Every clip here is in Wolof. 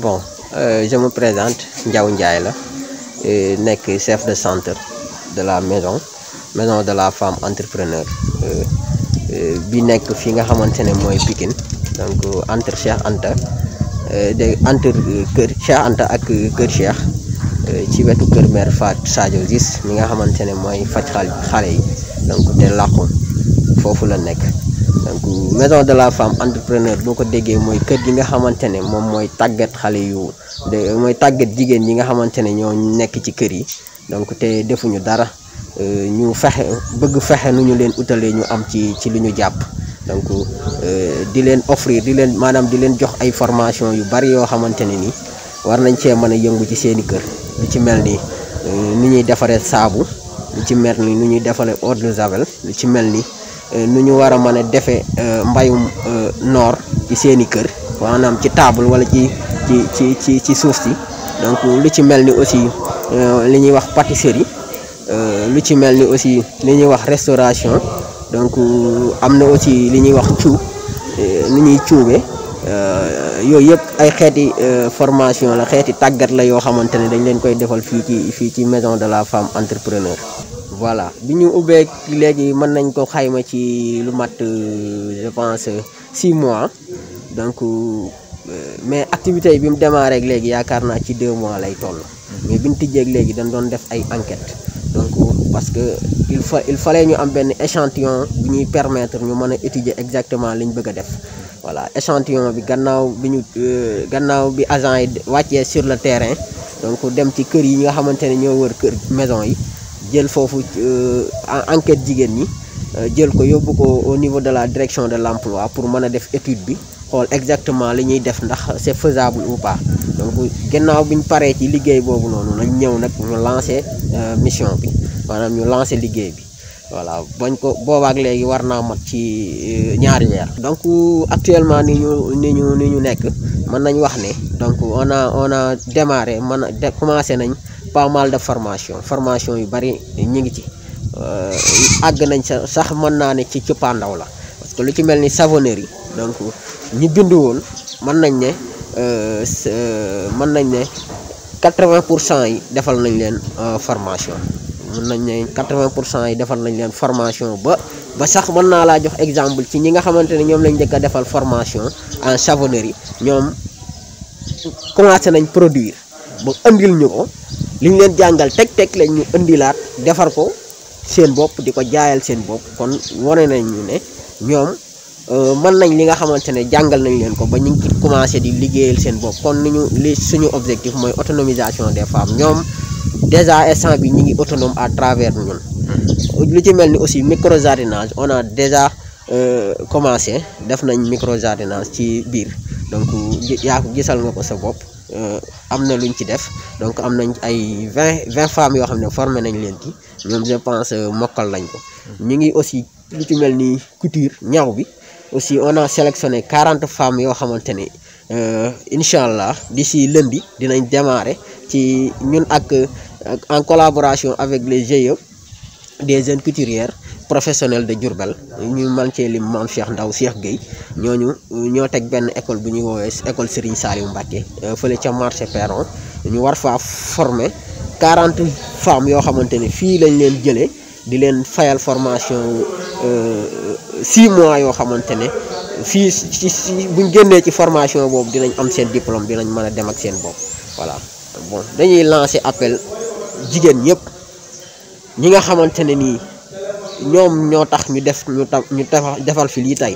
bon euh, je me présente Ndiaw Ndiaye la nekk chef de centre de la maison maison de la femme entrepreneur euh, euh, bi nekk fi nga xamante ne mooy Pikine donc entre Cheikh Anta de entre kër Cheikh Anta ak kër Cheikh ci wetu kër mère Fat Sadio Gis mi nga xamante ne mooy faj xale yi donc te làqu foofu la nekk. donc maison de la femme entrepreneur boo ko déggee mooy kër gi nga xamante ne moom mooy tàggat xale yu mooy tàggat jigéen ñi nga xamante ne ñoo nekk ci kër yi donc te defuñu dara euh, ñu fexe bëgg fexe nu ñu leen utalee ñu am ci ci lu ñu jàpp donc euh, di leen offrir di leen maanaam di leen jox ay formation yu bari yoo xamante ne ni war nañ cee mën a yëngu ci seeni kër lu ci mel ni euh, ni ñuy defaree saabu lu ci mel ni nu ñuy defaree eau javel lu ci mel ni. Euh, nu ñu war a mën a defee euh, mbayum euh, noor ci seeni kër maanaam ci table wala ci ci ci ci suuf si donc lu ci mel ni aussi li ñuy wax pâtisserie lu ci mel ni aussi li ñuy wax restauration donc am na aussi li ñuy wax cuub ni ñuy cuube yooyu yëpp ay xeeti formation la xeeti tàggat la yoo xamante ne dañ leen koy defal fii ci fii ci maison de la femme entrepreneur voilà nous nous mën euh, je pense mois donc euh, mes activités ont démarré a mois mais bi ñu fait parce que il il fallait nous nous échantillon échantillons permettre de étudier exactement ce que nous voilà échantillon bi gannaaw euh, agent sur le terrain donc dem ci kër yi nga maison jël foofu euh, enquête jigéen ñi euh, jël ko yóbbu ko au niveau de la direction de l'emploi pour mën a def étude bi xool exactement li ñuy def ndax c'est faisable ou pas donc gannaaw bi ñu paree ci liggéey boobu noonu lañ ñëw nag ñu lancer euh, mission bi maanaam ñu lancer liggéey bi voilà bañ ko boobaak léegi war naa mat ci ñaari ñeer donc actuellement ni ñu ni ñu ñu nekk mën nañ wax ne donc on a on a démarré mën a commencé nañ. pas mal de formation formation yu bari ñi ngi ci euh ag nañ sa sax mën na ne ci ndaw la parce que lu ci melni savonnerie donc ñi bindu won mën nañ ne euh, euh, mën nañ ne 80 yi defal nañ leen euh, formation mën nañ ne 80 yi defal nañ leen formation ba ba sax mën na la jox exemple ci ñi nga xamanteni ñom lañ jëk defal formation en savonnerie ñom commencé nañ produire ba andil ñuko li ñu leen jàngal teg teg lañ ñu indilaat defar ko seen bopp di ko jaayal seen bopp kon wane nañ ñu ne ñoom euh, mën nañ li nga xamante ne jàngal nañ leen ko ba ñu ngi commencé di liggéeyal seen bopp kon nu ñu li suñu objectif mooy autonomisation des femmes ñoom déjà instant bi ñu ngi autonome à travers ñun. lu ci mel ni aussi micro jardinage on a déjà euh, commencé def nañ micro jardinage ci biir donc yaa ko gisal nga ko sa bopp. Euh, am na lu ñu ci def donc am nañ ay vingt vingt femmes yoo xam ne formé nañ leen ci ñoom je pense euh, mokkal nañ ko ñu ngi aussi lu ci mel ni cuture ñaw bi aussi on a sélectionné quarante femmes yoo xamante ne euh, incha allah d'ici lundi dinañ démarrer ci ñun ak en collaboration avec les GIE des jeunes couturières professionnel de Diourbel ñu man cee lim maam Cheikh Ndaw Cheikh Gueye ñooñu ñoo teg benn école bu ñuy woowee école Serigne Saliou Mbacké euh, fële ca marché Perron ñu war faa forme quarante femme yoo xamante ne fii lañ leen jëlee di leen fayal formation euh, six mois yoo xamante ne fii ci buñ génnee ci formation boobu dinañ am seen diplôme dinañ mën a dem ak seen bopp voilà bon dañuy lancer appel jigéen ñëpp ñi nga xamante ne nii. ñoom ñoo tax ñu def ñu tax ñu defal fi lii tey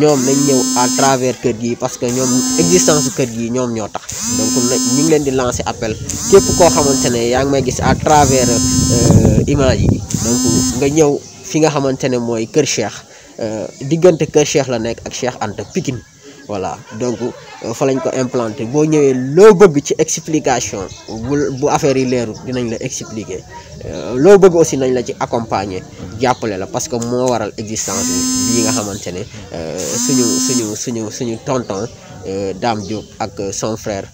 ñoom nañ ñëw à travers kër gi parce que ñoom existence su kër gi ñoom ñoo tax donc ñu ngi leen di lancer appel képp koo xamante ne yaa ngi may gis à travers euh, image yi donc nga ñëw fi nga xamante ne mooy kër Cheikh euh, diggante kër Cheikh la nekk ak Cheikh Anta Pikine voilà donc euh, fa lañ ko implanté boo ñëwee loo bëgg ci explication bu bu affaire yi leerul dinañ la expliquer euh, loo bëgg aussi nañ la ci accompagner jàppale la parce que moo waral existence bi yi nga xamante ne euh, suñu suñu suñu suñu tonton Dame Diop ak son frère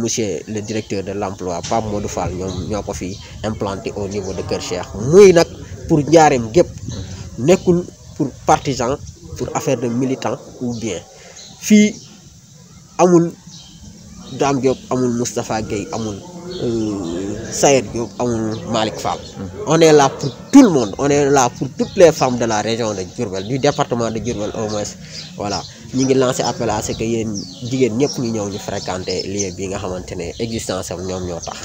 monsieur le directeur de l'emploi Pape Modou Fall ñoom ñoo ko fi implanté au niveau de Kër Cheikh muy nag pour njaareem gépp nekkul pour partisan pour affaire de militant ou bien fii amul Dame Diop amul Moustapha Gueye amul euh, Sayed Diop amul Malick Fall mm-hmm. on est là pour tout le monde on est là pour toutes les femmes de la région de Diourbel du département de Diourbel au moins voilà ñi ngi lancé appel à ce que yéen jigéen ñëpp ñu ñëw ñu fréquenté lieu bi nga xamante ne existence am ñoom ñoo tax